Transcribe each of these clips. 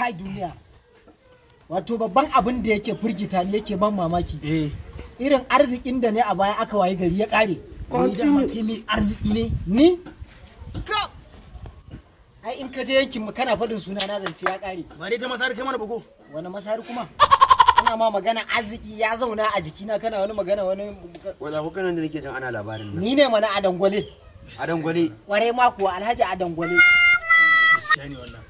kai duniya wato babban abin da yake firgita ne yake ban mamaki eh. irin arzikin da ne a baya aka waye gari ya kare ni arziki ne ni ka ai in ka je yankin mu kana faɗin suna na zance ya kare ba dai ta masari kai mana bako wani masari kuma ana ma magana arziki ya zauna a jikina kana wani magana wani wala ko kana da nake jin ana labarin nan ni ne mana adangwale adangwale kware ma kuwa alhaji adangwale gaskiya ne wallahi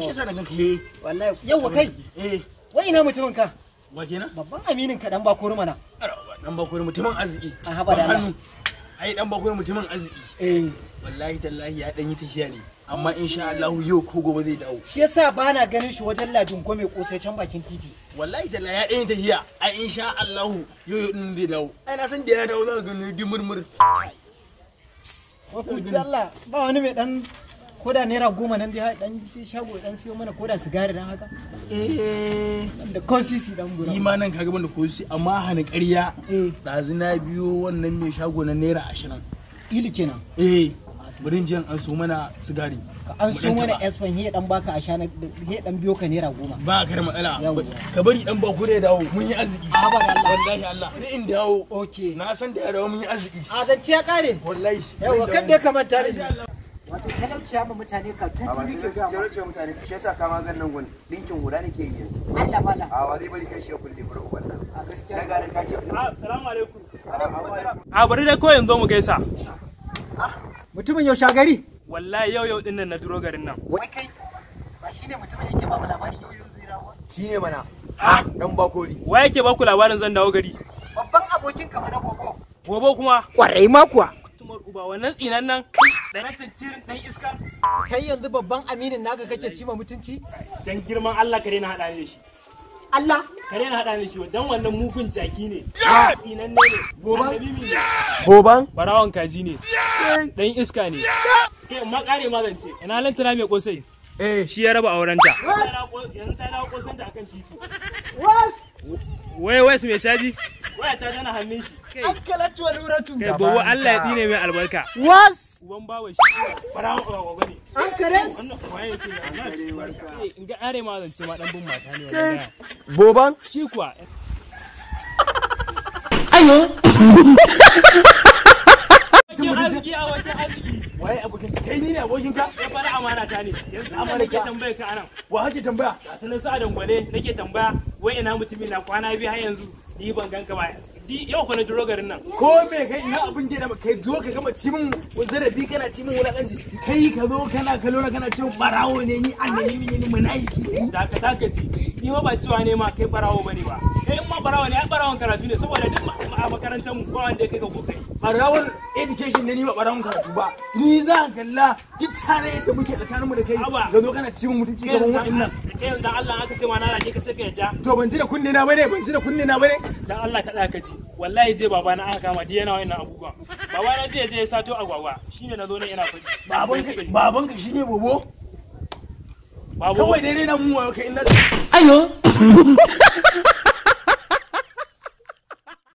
shi yasa na ganka eh wallahi yawa kai eh wai ina mutumin ka wa kenan babban aminin ka dan bakori mana dan bakori mutumin arziki a haba da Allah ai dan bakori mutumin arziki eh wallahi tallahi ya dan yi tafiya ne amma insha Allah yau ko gobe zai dawo shi yasa bana ganin shi wajen ladin ko mai kosai can bakin titi wallahi tallahi ya dan yi tafiya ai insha Allah yau din zai dawo ai na san da ya dawo za ka ga ni murmur ko ku Allah ba wani mai dan koda naira goma nan dai dan shago dan siyo mana koda sigari dan haka eh da kosisi dan gura ima nan kaga banda kosisi amma hana ƙarya dazu eh. na biyo wannan mai shago na naira 20 ili kenan eh bari jiyan an so mana sigari an so mana espan he dan baka ashana he dan biyo ka naira goma ba ka da matsala ka bari dan ba ku da dawo mun yi arziki ba ba Allah wallahi Allah ni in dawo okay na san da ya dawo mun yi arziki a zance ya kare wallahi yawa kada ka manta da wato talauciya ma mutane ka tuturi ke gama talauciya mutane shi yasa kama zan nan gun dinkin hula nake yi yanzu Allah mala a wani bari kai shi ya kulle bro wannan a gaskiya na garin kake assalamu alaikum a bari dai ko yanzu mu gaisa ah, mutumin yau shagari wallahi yau yau din nan na duro garin nan wai kai ba shine mutumin yake ba mu labari yau yau zira ba shine mana dan bakori wai yake baku labarin zan dawo gari babban abokin ka na gogo Gobe kuma kwarai ma kuwa tumar uba wannan tsinan nan Rattin iska. Kai yanzu babban aminin ga kake ci ma mutunci? Dan girman Allah kare na haɗa ne shi. Allah? Kare na haɗa ne shi dan wannan mugun jaki ne. Inan ne ne. Boban? Boban? Barawan kaji ne. Dan iska ne. Kai ma kare ma zance. Ina lantana mai kosai. Eh. Shi ya raba aurenta. Yanzu ta dawo kosanta akan titi. Wes? Wai wes mai caji? waya ta tana hannun shi an kalatu kai bawo Allah ya dine mai albarka was uban shi ne an kares wannan waye yake na in ga are ma ma dan bin mata ne wannan boban shi kuwa ayo a waye abokin kai ne abokin ka ya fara amana ta ne yanzu amana ke tambaya ka anan wa hake tambaya sanin sa dangwale nake tambaya wai ina mutumi na kwana biyu har yanzu ni ban ganka ba di yau fa na garin nan ko me kai ina abin da ba kai zo ka gama cimin zarafi kana cimin wulakanci kai ka zo kana kallo na kana cewa barawo ne ni annabi ne ni munafiki da ka taka ji ni ma ba cewa ne ma kai barawo bane ba kai in ma barawo ne ai barawon karatu ne saboda duk a makarantar mu ba wanda kai ka kokari barawon education ne ni ba baran karatu ba ni za ka kalla duk tare da muke tsakanin mu da kai ga zo kana cimin ci gaban wa'annan kai yanzu Allah aka ce ma na rake ka sai ka yadda to ban ji da kunne na bane ban ji da kunne na bane dan Allah ka da ka ji wallahi je baba na aka kama di yana wa'annan abubuwa baba na je je sato agwagwa shine zo ne yana faɗi baban ka baban ka shine bobo kawai daidai na mu kai in na ayo